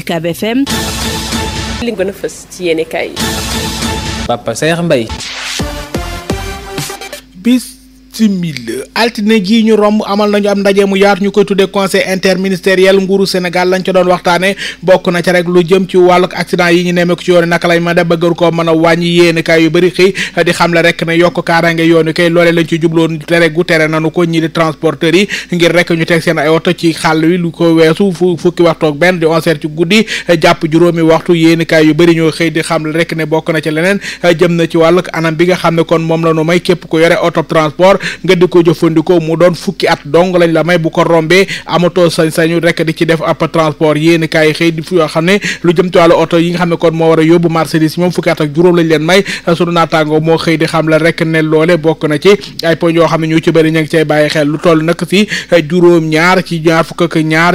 UCAB FM li gën a fës yen yéene kaay Papa Saer Mbaye simili altine ji ñu romb amal nañu am ndaje mu yaatu ñu koy tuddee conseil interministériel nguuru Sénégal lañ ca doon waxtaane bokk na ca rek lu jëm ci wàll accident yi ñu nemmeeku ci yoon naka lañ mën a bëgg koo mën a wàññi yéenekaay yu bëri xëy di xam rek ne yokk kaaraange yoon yi kay loolee lañ ci jubloon tere gu tere ko ñi di transporteurs yi ngir rek ñu teg seen ay oto ci xàll wi lu ko weesu fu fukki waxtu benn di onze heures ci guddi jàpp juróomi waxtu yéenekaay yu bëri ñoo xëy di xam le rek ne bokk na ci leneen jëm na ci wàlluk anam bi nga xam ne kon moom la nu may képp ko yore oto transport nga di ko jëfandikoo mu doon fukki at dong lañ la may bu ko rombee amatoo sañ-sañu rek di ci def ab transport yéen kaay xëy di fu yoo xam ne lu jëm ci wàllu yi nga xam ne kon moo war a yóbbu marchandise moom fukki at ak juróom lañ leen may sunu naataango ne loole bokk na ci ay poñ yoo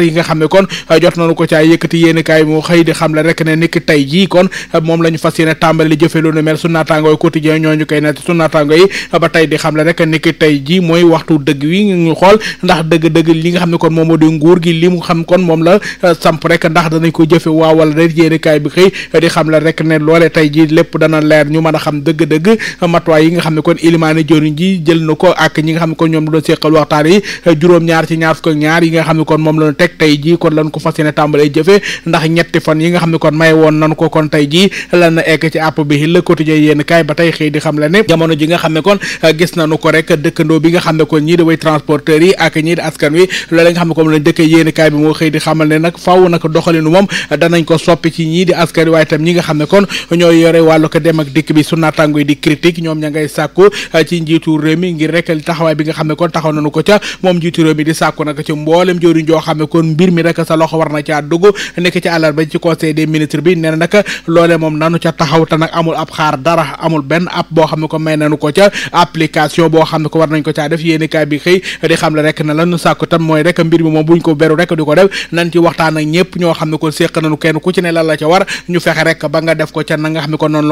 yi nga xam ne kon jot nañu ko ci ay yëkkati yéen kaay moo xëy di xam la rek ne niki tey jii kon moom la ñu fas yéene tàmbali jëfe lu mel sunu naataango yi quotidien ñooñu koy net sunu naataango yi ba tey di xam la rek niki tey ji mooy waxtu dëgg wi ñu xool ndax dëgg-dëgg li nga xam ne kon moom moo di nguur gi li mu xam kon moom la euh, samp rek ndax danañ ko jëfe waaw wala déet kaay bi xëy di xam rek ne loole tey ji lépp dana leer ñu mën a xam dëgg-dëgg matuwaay yi nga xam ne kon ilimaane joriñ ji jël na ko ak ñi nga xam ne kon ñoom la doon waxtaan yi euh, juróom-ñaar ci ñaar yi nga xam ne kon moom la ñu teg tey ji kon lañ ko fas yéene tàmbalee jëfe ndax ñetti fan yi nga xam ne kon may woon nañ ko kon tey ji lan na egg ci àpp bi Le Quotidien yéenekaay ba tey xëy di xam la ne jamono ji nga xam ne kon euh, gis nañu ko rek dëkkandoo bi nga xam ne kon ñii di way transporteurs yi ak ñii di askan wi loolee nga xam ne comme lañ dëkkee yéeni kaay bi moo xëy di xamal ne nag faaw nag doxalinu moom danañ ko soppi ci ñii di askan waaye tam ñi nga xam kon ñooy yore wàllu ko dem ak dikk bi su naataango yi di critique ñoom ña ngay sàkku uh, ci njiitu réew mi ngir rek taxawaay bi nga xam ne kon taxaw nañu ko ca moom njiitu réew mi di sàkku nag ci mboolem jëwriñ joo xam ne kon mbir mi rek sa loxo war na caa dugg nekk ci àllarba ci conseil bi nee na nag loolee moom nanu ca taxaw te nag amul ab xaar dara amul benn app boo xam ne ko may nanu ko ca application boo xam ko war nañ ko caa def yéeni kaay bi xëy di xam le rek na lanu sàkku tam mooy rek mbir mi moom buñ ko beru rek di ko def nan ci waxtaan ak ñëpp ñoo xam ne kon séq nañu kenn ci ne lan la ca war ñu fexe rek ba nga def ko ca na nga xam ne kon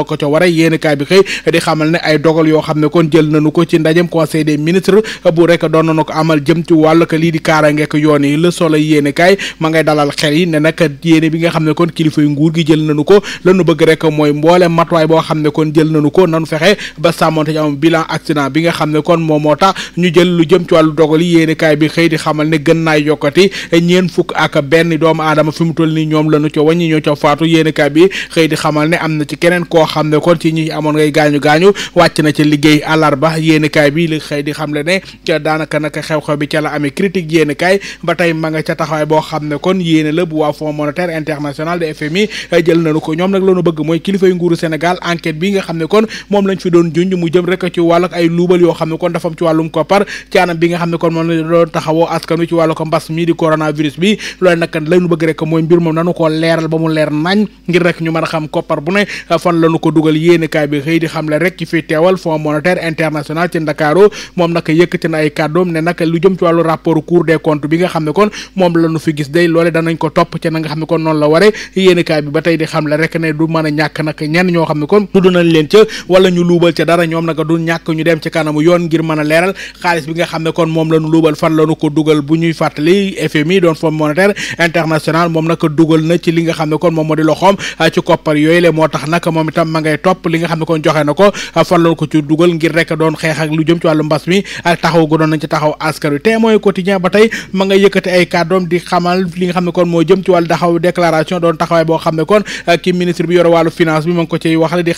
noonu moom moo tax ñu jël lu jëm ci wàllu dogal yi bi xëy di xamal ne gën naay yokkati ñeen fukk ak benn doomu aadama fi mu toll nii ñoom la ñu ca wàññi ñoo ca faatu yéeni kaay bi xëy di xamal ne na ci keneen koo xam ne kon ci ñi amoon ngay gaañu-gaañu na bi li xëy di xamle ba ma nga ca taxawaay boo ko ñoom la ñu bëgg mooy kilifay nguuru Sénégal enquête bi nga xam ne kon moom lañ fi doon junj mu jëm rek ci wàll ay luubal yoo xam ne kon yelleefam ci wàllum koppar ci bi nga xam ne kon moom la ko a xam koppar bu ne fan lañu ko bi di xam le rek ci fi teewal Fonds monétaire international ci Ndakaaru moom nag yëkkati na ay kàddoom gis day loole danañ ko topp ci na nga xam ne kon noonu la ware yéenekaay bi ba tey di xam le rek ne du mën a ñàkk nag ñenn ñoo xam ne kon tudd nañ leen ca wala ñu luubal ca dara ñoom nag du ñàkk ñu dem ci kanamu yoon ngir mën a leeral xaalis bi nga xam ne kon moom la ñu luubal fan la ko dugal bu ñuy fàttali FMI doon Fonds monétaire international moom nag dugal na ci li nga xam ne kon moom moo di loxoom ah, ah, ak ci ah, taxaw gu doon nañ ba tey ma nga yëkkati ay kàddoom di xamal li nga xam ne kon moo jëm ci wàllu taxaw di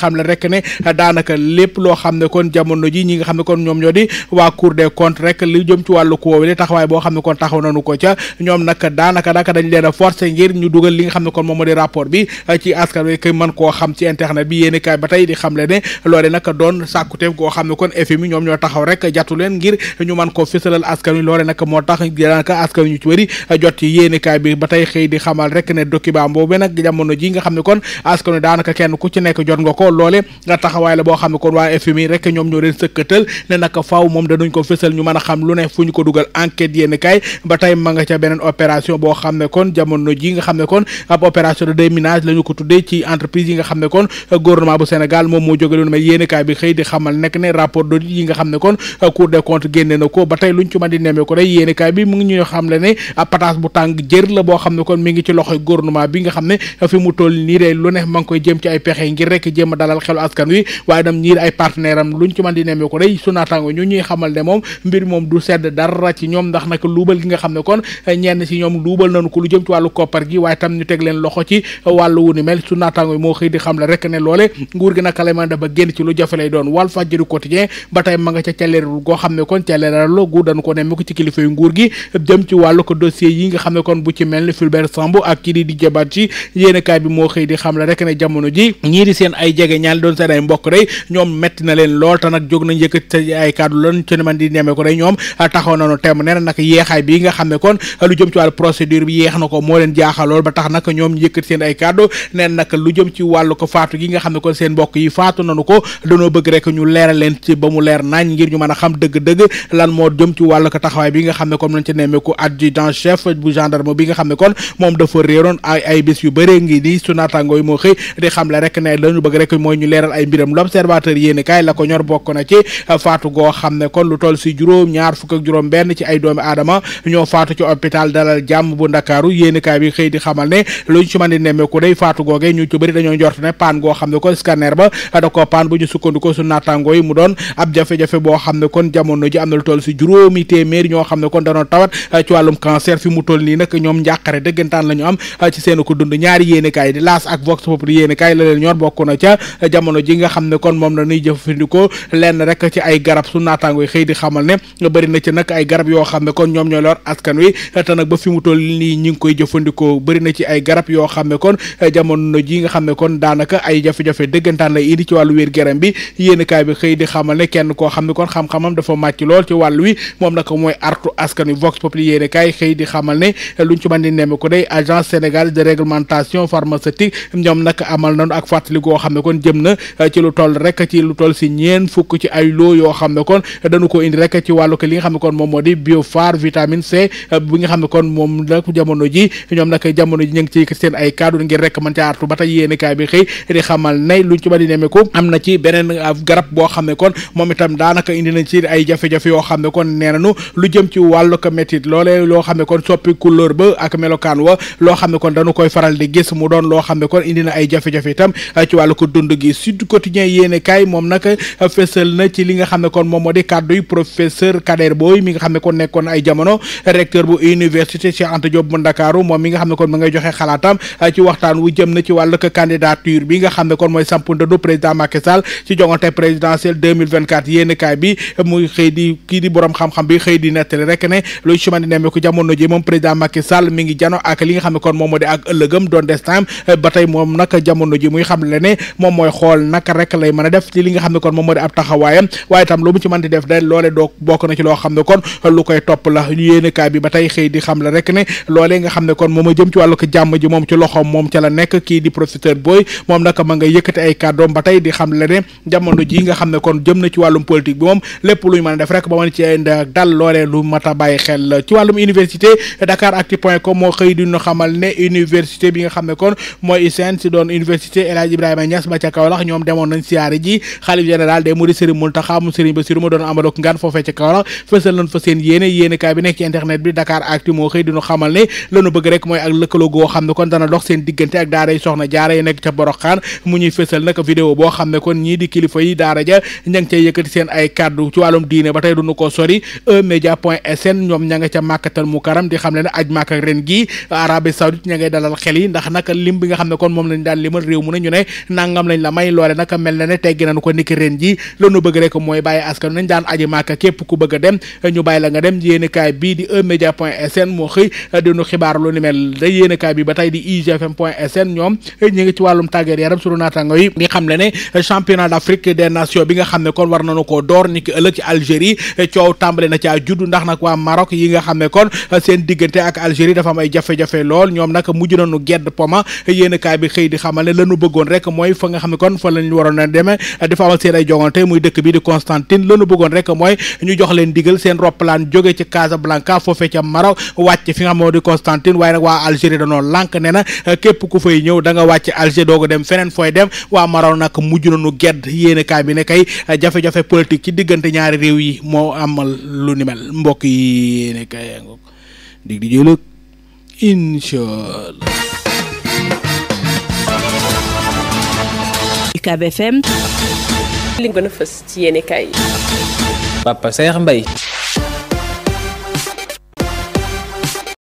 xam le rek ne daanaka lépp loo xam ne kon jamono ji ñi nga xam ne kon ñoom ñoo ni waa cour des comptes rek li jëm ci wàllu ko woowule taxawaay boo xam ne kon taxaw nañu ko ca ñoom nag daanaka daanaka dañ leen a forcé ngir ñu dugal li nga xam bi ci askan wi kay mën koo xam ci internet bi le ne loole nag doon sàkkuteef goo xam ne moo tax daanaka askan wi ñu ci wëri jot ci yéeni kaay bi ba tey xëy di xamal rek ne document boobu nag jamono ji nga xam ne kon askan wi daanaka kenn ku ci nekk jot nga ko loole nga taxawaay la boo xam ne kon waa FMI rek ñoom ñoo leen sëkkatal ne nag faaw moom danañ ko fësal ñu mën a xam lu ne fu ñu ko dugal enquête yéen kaay ba tey ma ca beneen opération boo xam ne kon jamono ji nga xam ne kon ab opération de déminage la ñu ko tuddee ci entreprise yi nga xam ne kon gouvernement bu Sénégal moom moo jóge loolu mais yéen kaay xëy di xamal nekk ne rapport d'audit yi nga ne kon cour des génne na ko ba tey luñ ci mën di nemmee ko rek yéen kaay mu ngi ñuy xam le ne bu tàng jër la boo xam ne kon mi ngi ci loxoy gouvernement bi nga xam ne fi mu toll nii de lu ne ma ngi koy jëm ci ay pexe ngir rek jéem a dalal xelu askan wi waaye dam ñii ay partenaire am luñ ci mën di nemmee ko rek su naataango ñooñu ñuy xamal ne moom mbir moom du sedd dara ci ñoom ndax nag luubal gi nga xam ne kon ñenn si ñoom luubal nañu ko lu jëm ci wàllu koppar gi waaye tam ñu teg leen loxo ci wàllu wu ni mel su moo xëy di xam la rek ne loole nguur gi nag la mën dafa génn ci lu jafe lay doon Walf Fadjri quotidien ba tey ma nga ca caleerul goo xam ne kon caleeralo gu dañu ko ko ci kilifa nguur gi jëm ci wàllu ko dossier yi nga xam ne kon bu ci mel ni Fulbert Sambou ak kii di Didier Badji yéenekaay bi moo xëy di xam la rek ne jamono ji ñii di seen ay jege ñaan doon seen ay mbokk day ñoom metti na leen lool te nag jóg nañ yëkkati ay kàddu loon ci man di nemee ko day ñoom taxaw nañu temm nee na nag yeexaay moo jëm ci wàllu ko faatu gi nga xam kon a lan ci wàllu ko taxawaay bi nga xam ne comme lañ chef bu gendarme bi nga xam kon moom dafa réeroon ay ay yu bëree ngi nii su moo xëy di xam le rek ne lañu bëgg rek mooy ñu leeral ay mbiram l'observateur yéeni kaay la ko ñor bokk na ci faatu goo xam ne kon lu toll si juróom ñaar fukk ak juróom benn ci ay doomi aadama ñoo faatu ci hôpital dalal jàmm bu ndakaaru yéenekaay bi xëy di xamal ne luñ ci mën di nemmeeku day faatu googe ñu ci bëri dañoo njort ne paan goo xam ne kon scanner ba da ko paan bu ñu sukkandikoo su naataango yi mu doon ab jafe-jafe boo xam ne kon jamono ji am na lu toll si juróomi ñoo xam ne kon danoo tawat ci wàllum cancer fi mu toll nii nag ñoom njàqare dëggantaan la am seen ko dund ñaari yéenekaay di laas ak vox populi yéenekaay la leen ñor bokk na jamono ji nga xam ne kon moom na ñuy jëfandikoo lenn rek ci ay garab su naataango yi xëy di xamal ne bëri na ci nag ay garab yoo xam kon ñoom ñooy lor na ci ay xam ne kon eh, jamono ji nga xam ne kon daanaka ay jafe-jafe dëggantaan lay indi ci wàllu wér garam bi yéenekaay bi xëy di xamal kenn koo xam ne kon xam-xamam dafa màcc lool ci wàll wi moom nag mooy artu askan wi Vox Populi yéenekaay xëy di xamal ne luñ ci mën di nemme ko day agence sénégalaise de réglementation pharmaceutique ñoom nag amal nañu ak fàttali goo xam ne kon jëm na eh, ci lu toll rek ci lu toll si ñeen fukk ci ay loo yoo xam ne kon kon dañu ko indi rek ci wàllu ko li nga xam ne kon moom moo di biophar vitamine C euh, bi nga xam kon moom la jamono ji ñoom nag jamono ne luñ na ci beneen euh, garab boo xam ne kon moom loo xam ne kon soppi couleur ba ak melokaan wa loo xam ne kon dañu koy faral di gis mu doon loo xam ne kon indi na ay jafe-jafe itam euh, ci wàllu ko dund gi Sud Quotidien yéeni kaay moom nag fësal na ci li nga xam kon moom moo di kàddu professeur Kader Boy mi nga xam ne kon nekkoon ay jamono recteur bu université Cheikh Anta Diop bu Ndakaaru moom mi nga xam ne kon ma ngay joxe xalaatam ah, ci waxtaan wu jëm na ci wàllu candidature bi nga xam ne kon mooy samp ndëdu président Macky Sall ci joŋante présidentielle 2024 yéeni kaay bi muy xëy di kii di borom xam-xam bi xëy di nettali rek ne luy ci man di nemmeeku jamono ji moom président Macky Sall mi ngi jano ak li nga xam ne kon moom moo di ak ëllëgëm doon destin ah, ba tey moom nag jamono ji muy xam le ne moom mooy xool naka rek lay mën a def ci li nga xam ne kon moom moo di ab taxawaayam waaye tam lu mu ci mën di def day loole doo bokk na ci loo xam ne kon lu koy topp a a ndax dal loolee lu mat a xel ci wàllum université dakaractu.com moo xëy di ñu xamal ne université bi nga xam ne kon mooy ISEN si doon université El Hadj Ibrahima Niass ba ca Kaolack ñoom demoon nañ siyaare ji xalif général des mourides Serigne Mountakha mu Serigne Bassirou ma doon amal ak ngaan foofee ca Kaolack fësal nañ fa seen yéene yéene kaay bi nekk internet bi Dakar Actu moo xëy diñu xamal ne la may loole nag mel na ne teggi nañu ko niki ren ji lañu bëgg rek mooy bàyyi màkka nañ daan aji màkka képp ku bëgg a dem ñu bàyyi la nga dem yéenekaay bii di emedia point sn moo xëy dinu xibaar lu ni mel da yéenekaay bi ba tey bi na caa juddu ndax nag waa Maroc yi nga xam ne kon seen di xamal ne a demee gënu bëggoon rek mooy ñu jox leen digal seen roppalaan jóge ci Casablanca foofe ca Maroc wàcc fi nga xam moo di Constantine waaye nag waa Algérie danoo lànk ne na képp ku fay ñëw da nga wàcc Alger dooga dem feneen fooy dem waa Maroc nag mujj nañu gedd yéene kaay bi ne kay jafe-jafe politique ci diggante ñaari réew yi moo amal lu ni mel mbokk yi yéene kaay ngoog dig di jëlëg li gën a fës ci yéenekaay yi. Papa Saer Mbaye